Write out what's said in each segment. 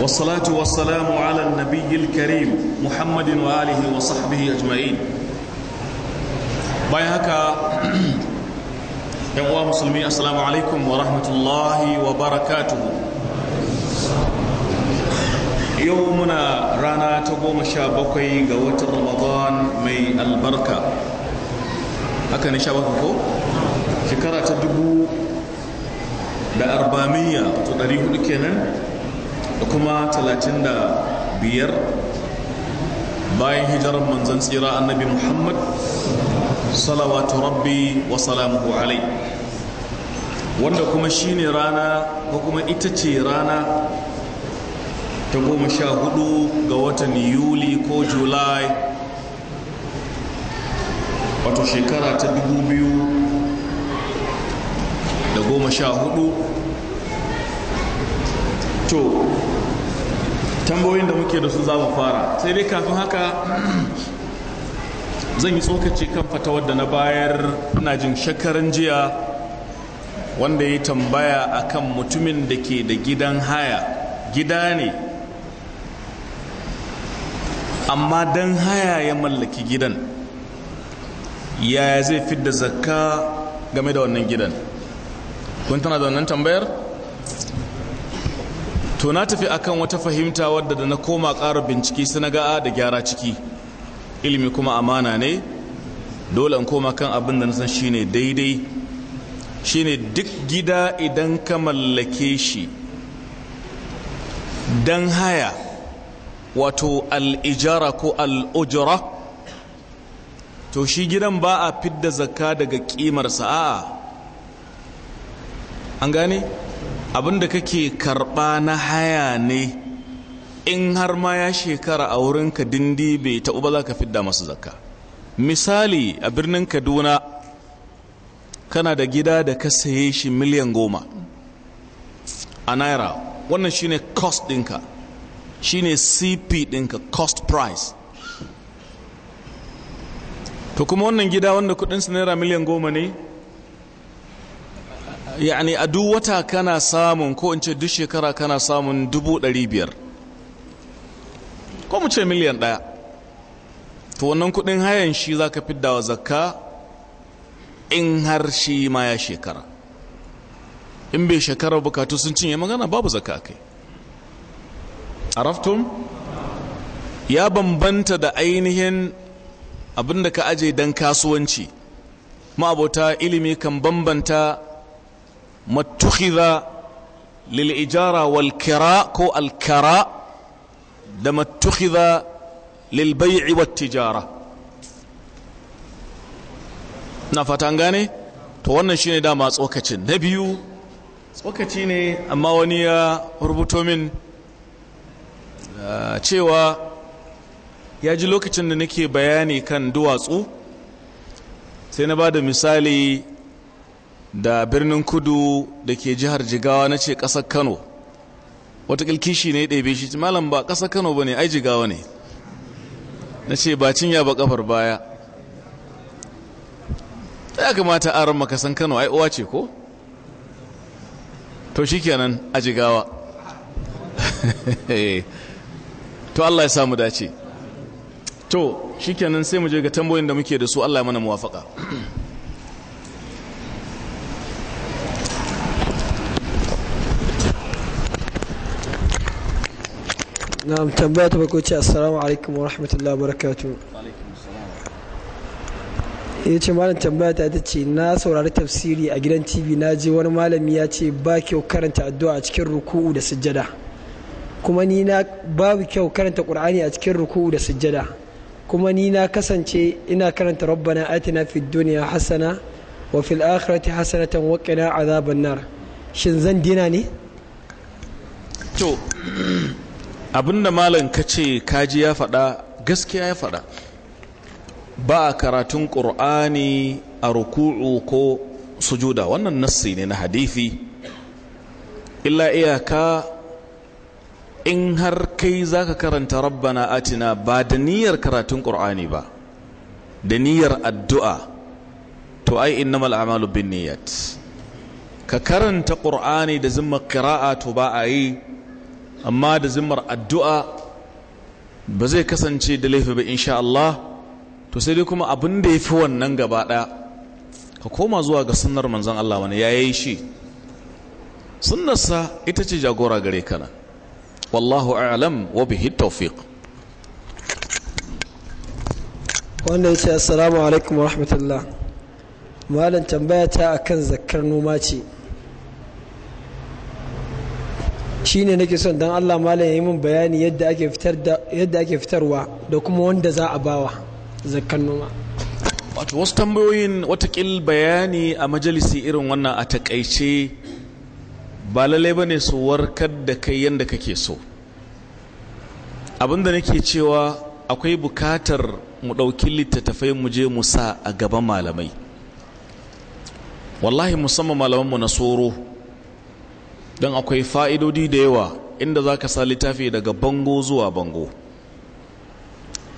والصلاة والسلام على النبي الكريم محمد وآله وصحبه أجمعين بايهكا يا مسلمين السلام عليكم ورحمة الله وبركاته يومنا رانا تقوم شابكي قوة رمضان مي البركة haka ne sha bakwai ko shekara ta dubu da arbamiya to ɗari hudu kenan da kuma talatin da biyar bayan hijirar manzan tsira annabi muhammad salawatu rabbi wa salamuhu alai wanda kuma shi ne rana ko kuma ita ce rana ta goma sha hudu ga watan yuli ko july wato shekara ta dubu biyu da goma sha hudu to tambayoyin da muke da su za mu fara sai dai kafin haka zan yi tsokaci kan fatawar da na bayar ina jin shekaran jiya wanda ya tambaya akan mutumin da ke da gidan haya gida ne amma don haya ya mallaki gidan yaya zai fidda zakka game da wannan gidan kun tana da wannan tambayar to na tafi akan wata fahimta wadda da na koma ƙara bincike suna na ga da gyara ciki ilimi kuma amana ne dole in koma kan abin da na san shine daidai shine duk gida idan ka mallake shi dan haya wato al'ijara ko al'ujura to shi gidan ba a fidda zakka daga kimarsa a an gane? Abin da kake karɓa na haya ne in har ma ya shekara a wurinka dindi bai taɓa ba za ka fidda masu zakka misali a birnin kaduna kana da gida da ka saye shi miliyan goma a naira wannan shine cost dinka, shine cp dinka, cost price to kuma wannan gida wanda kudinsa naira miliyan goma ne yani a duk wata kana samun ko in ce duk shekara kana samun dubu ɗari biyar ko mu ce miliyan ɗaya to wannan kuɗin hayan shi za ka wa zakka in har shi ma ya shekara in bai shekara bukatu sun cinye magana babu zakka kai araftum ya bambanta da ainihin abinda ka aje don kasuwanci ma'abota ilimi kan bambanta matukhidha lil ijara wal kira ko al kara da matukhidha lil bai'i wat tijara na fatan gane to wannan shine dama tsokacin na biyu tsokaci ne amma wani ya rubuto min ah, cewa ya ji lokacin da nake bayani kan duwatsu sai na ba da misali da birnin kudu da ke jihar jigawa na ce ƙasar kano wata kishi ne ɗebe shi malam ba ƙasar kano ba ne ai jigawa ne na ce ba cinya ba ƙafar baya ya kamata aron makasan kano ai uwa ce ko to shikenan a jigawa eh. to Allah ya samu dace to shi kenan sai mu je ga tambayoyin da muke da su Allah ya mana muwafaka na'am tambaya ta bako ce assalamu alaikum wa rahmatullahi wa barakatuh ce malam tambaya ta ce na saurari tafsiri a gidan tv na je wani malami ya ce ba kyau karanta addu'a a cikin ruku'u da sujjada kuma ni na babu kyau karanta qur'ani a cikin ruku'u da sujjada kuma ni na kasance ina karanta rabbana atina fid dunya hasana wa fil akhirati hasanatan wa qina azaban nar shin zan dina ne to abinda malam ka ce kaji ya faɗa gaskiya ya faɗa ba a karatun ƙur'ani a ruku'u ko sujuda wannan nassi ne na hadifi illa iyaka in har kai za ka karanta rabbana atina ba da niyyar karatun ƙur'ani ba da niyyar addu'a to ai innamal a'malu bin niyyat ka karanta ƙur'ani da zimma qira'a to ba a yi amma da zimmar addu'a ba zai kasance da laifi ba insha Allah to sai dai kuma abin da ya fi wannan gaba ɗaya ka koma zuwa ga sunnar manzon Allah wani ya yi shi sunnarsa ita ce jagora gare kana wallahu a'lam wa bihi tawfiq wanda ce assalamu alaikum wa rahmatullah malam tambaya ta akan zakkar noma ce shi ne nake son dan Allah malam ya yi min bayani yadda ake fitarwa da kuma wanda za a bawa zakkan noma wato wasu tambayoyin watakil bayani a majalisi irin wannan a takaice ba lalai bane su warkar da kai yadda kake so abinda nake cewa akwai bukatar mu ɗauki littattafai mu je mu sa a gaban malamai wallahi musamman malamanmu na tsoro don akwai fa'idodi da yawa inda za ka sa littafi daga bango zuwa bango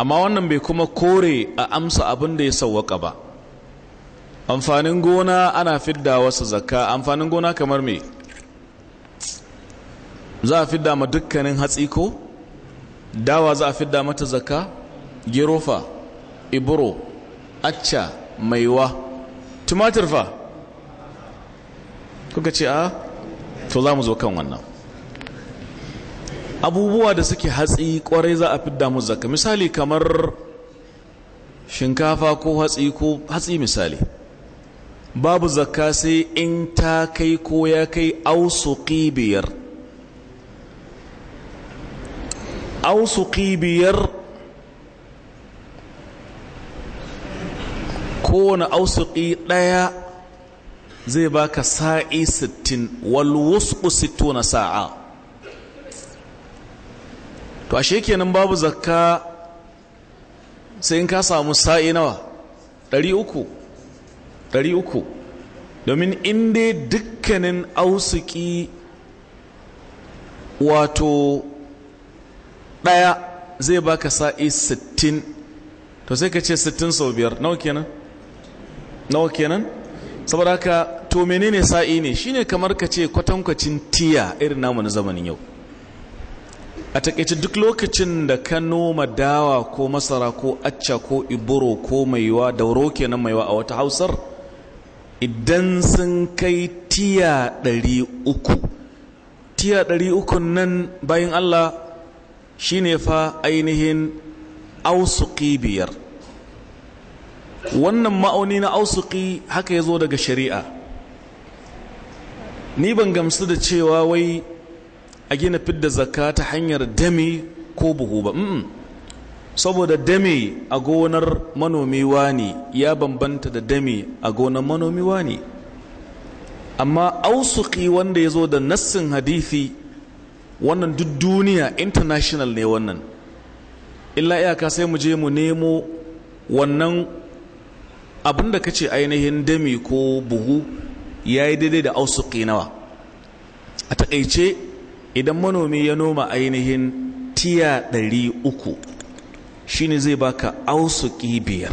amma wannan bai kuma kore a amsa abin da ya sauwaka ba amfanin gona ana fidda wasu zakka amfanin gona kamar me za a fidda ma dukkanin hatsi ko dawa za a fidda mata zakka gerofa iburo acca maiwa tumatir fa kuka ce a ah, to za mu zo kan wannan abubuwa da suke hatsi kwarai za a fidda mu zaka misali kamar shinkafa ko hatsi ko hatsi misali babu zakka sai in ta kai ko ya kai ausuki biyar ausuki biyar kowane ausuki ɗaya zai baka sa'i 60 wal wusqu 60 sa'a to ashe kenan babu zakka sai in ka samu sa'i nawa 300 300 domin in dai dukkanin ausuki wato ɗaya zai baka sa'i 60 to sai ka ce 60 sau biyar nawa kenan nawa kenan saboda haka to menene sa'i ne shine kamar ka ce kwatankwacin tiya irin namu na zamanin yau a takaice duk lokacin da ka noma dawa ko masara ko acca ko iburo ko maiwa dauro kenan maiwa a wata hausar idan sun kai tiya ɗari tiya ɗari uku nan bayan allah shine fa ainihin ausuki biyar wannan ma'auni na ausuki haka ya zo daga shari'a ni ban gamsu da cewa wai a gina fidda zakka ta hanyar dami ko buhu ba saboda dami a gonar manomi wani ya bambanta da dami a gonar manomi wani amma ausuki wanda ya zo da nassin hadithi wannan duk duniya international ne wannan illa iyaka sai mu je mu nemo wannan abin da ka ce ainihin dami ko buhu ya yi daidai da ausuki nawa a takaice idan manomi ya noma ainihin tiya ɗari uku shi ne zai baka ausuƙi biyar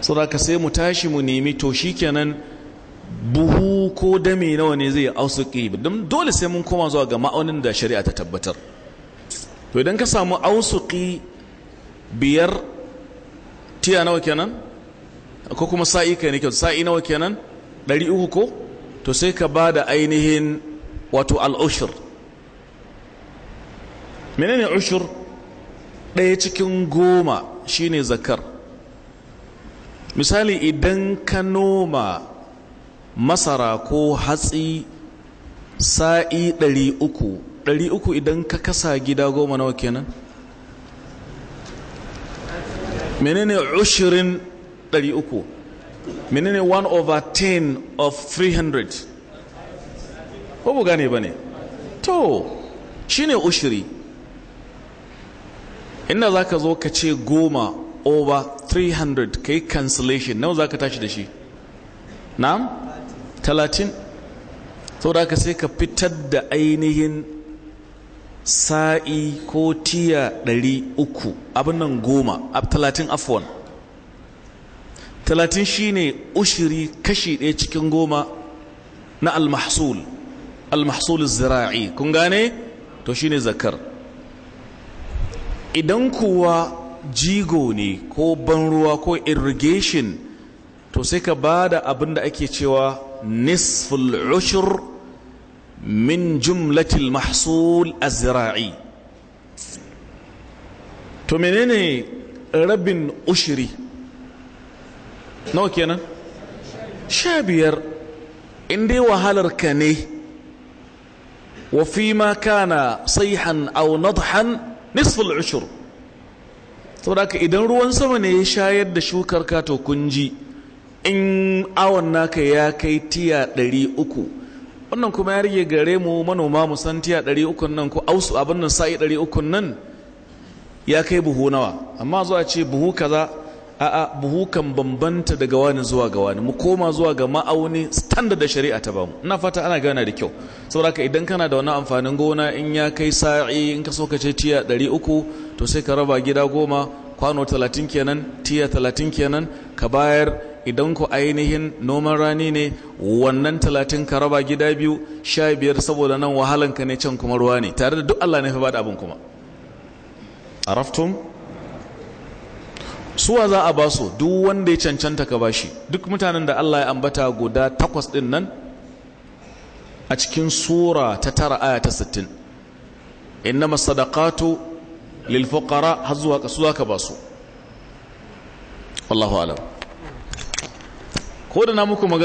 saboda sai mu tashi mu nemi to shikenan buhu ko dame nawa ne zai ausuƙi don dole sai mun koma zuwa ga ma'aunin da shari'a ta tabbatar to idan ka samu ausuƙi biyar tiya nawa kenan ko kuma sa'i kai ne kyau sa'i nawa kenan ɗari uku ko to sai ka ba da ainihin wato al'ushir menene ushir ɗaya cikin goma shine zakar misali idan ka noma masara ko hatsi sa'i ɗari uku ɗari uku idan ka kasa gida goma nawa kenan menene ushirin ɗari uku menene 1 over 10 of 300 ko gane ba ne to shine ushiri inda za ka zo ka ce goma over 300 ka yi cancellation nawa za ka tashi da shi na'am 30 sau da ka sai ka fitar da ainihin sa'i ko tiya 300 abin nan goma 30 afwan talatin shine ushiri kashi ɗaya cikin goma na almahsul almahsul zira'i kun gane to ne zakar idan kuwa jigo ne ko ban ruwa ko irrigation to sai ka ba da abin da ake cewa nisful ushur min jumlatil mahsul azra'i to menene rabin ushiri nawa kenan sha biyar in dai wahalar ka ne wa fi ma kana sayhan aw nadhan nisful ushur saboda ka idan ruwan sama ne ya shayar da shukar ka to kunji in awon naka ya kai tiya ɗari uku wannan kuma ya rage gare mu manoma mu san tiya ɗari uku nan ko ausu abin nan sa'i ɗari uku nan ya kai buhu nawa amma zuwa ce buhu kaza a'a buhu kan bambanta daga wani zuwa ga wani mu koma zuwa ga ma'auni standard da shari'a ta bamu ina fata ana gana da kyau saboda idan kana da wani amfanin gona in ya kai sa'i in ka so ka ce tiya 300 to sai ka raba gida goma kwano 30 kenan tiya 30 kenan ka bayar idan ku ainihin noman rani ne wannan talatin ka raba gida biyu sha biyar, saboda nan wahalanka ne can kuma ruwa ne tare da duk Allah ne fa bada abin kuma araftum suwa za a ba su duk wanda ya cancanta ka bashi duk mutanen da Allah ya ambata guda takwas din nan a cikin sura ta tara aya ta sittin inna masu sadakatu lilfokara har zuwa ka suwa ka ba su wallahu na muku